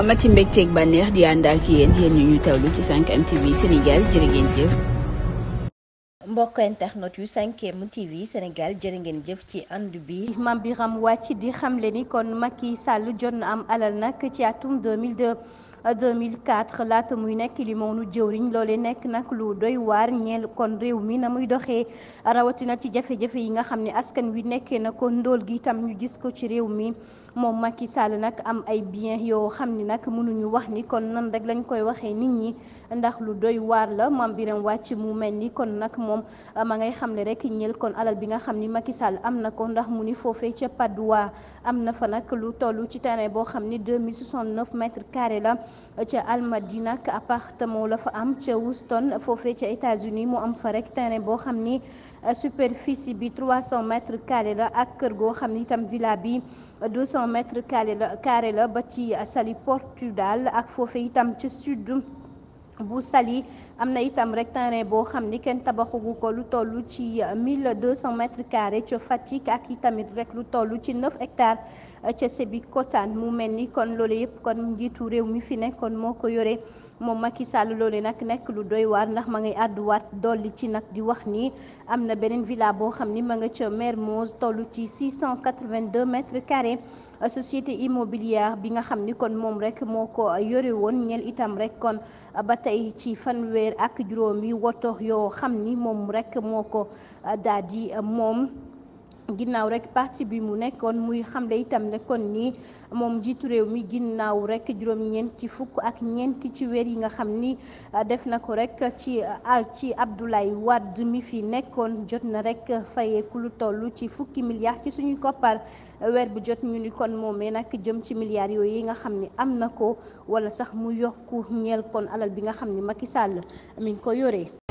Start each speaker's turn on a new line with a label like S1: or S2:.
S1: amati mbégteeg bànneex di ànd ak yéen yéen ñu ñu tawlu ci 5M TV Sénégal jërë ngeen jëf. mbokk internet yu 5M TV ngeen jëf ci ànd bi mam bi Birame wàcc di xamle ni kon mag yi sàll jot na am alal nag ci atum 2002. 2004 laata muy nekk li moonu jëwriñ loole nekk nag lu doy waar ñeel kon réew mii na muy doxee rawatina ci jafe-jafe yi nga xam ne askan wi nekkee na ko ndóol gi itam ñu gis ko ci réew mi moom Macky Sall nag am ay biens yoo xam ni nag mënuñu wax ni kon nan rek lañ koy waxee nit ñi ndax lu doy waar la mam biram wàcc mu mel ni kon nag moom a ngay xam ne rek ñeel kon alal bi nga xam ni Macky Sall am na ko ndax mu ni foofee ca Padoua am na fa nag lu toll ci terrain boo xam ni 2069 mètres carrés la ca Almadina ak appartement la fa am ca Houston foofee ca États-Unis mu am fa rek terrain boo xam ni euh, superficie bi 300 mètres carrés la ak kër goo xam ni itam villa bi 200 mètres carrés la carré la ba ci euh, Sali Portudal ak foofee itam ca sud. bu Saly am na itam rek terrain boo xam ni kenn tabaxagu ko lu tollu ci euh, mille deux cent mètres carrés ca Fatick ak itamit rek lu toll ci neuf hectares euh, ca Sébikotane mu mel ni kon loolu yëpp kon njiitu réew mi fi nekkoon moo ko yore moom ki Sall loolu nag nekk lu doy waar ndax ma ngay àdduwaat dolli ci nag di wax ni am na beneen villa boo xam ni ma nga ca Mermoz toll ci six cent quatre-vingt-deux mètres carrés euh, société immobilière bi nga xam ni kon moom rek moo ko yore woon ñeel itam rek kon tey ci fanweer ak juróom yi woto yoo xam ni moom rek moo ko uh, daal di uh, moom ginnaaw rek parti bi mu nekkoon muy xamle itam kon nii moom jiitu réew mi ginnaaw rek juróom-ñeenti fukk ak ñeenti ci weer yi nga xam ni ah, def na ko rek ci ah, ci Abdoulaye Wade mi fi nekkoon jot na rek fayeeku lu toll ci fukki milliards ci suñuy koppar weer bi jot ñu ni kon moomee nag jëm ci milliards yooyu yi nga xam ni am na ko wala sax mu yokku ñeel kon alal bi nga xam ni Macky Sall mi ngi ko yoree.